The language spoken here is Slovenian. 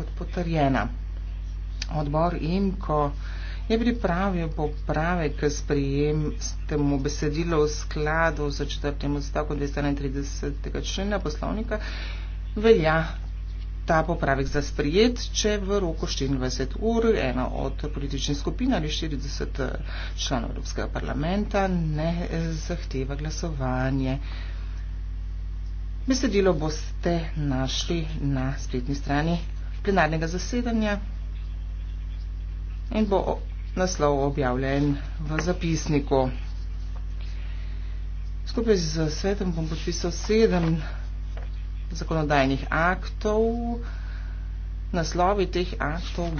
kot potrjena. Odbor IMKO je pripravil popravek sprijem s temu besedilo v skladu za četrtem odstavku 231. člena poslovnika. Velja ta popravek za sprijet, če v roku 24 ur ena od političnih skupin ali 40 članov Evropskega parlamenta ne zahteva glasovanje. Besedilo boste našli na spletni strani plenarnega zasedanja in bo naslov objavljen v zapisniku. Skupaj z svetom bom podpisal sedem zakonodajnih aktov. Naslovi teh aktov bo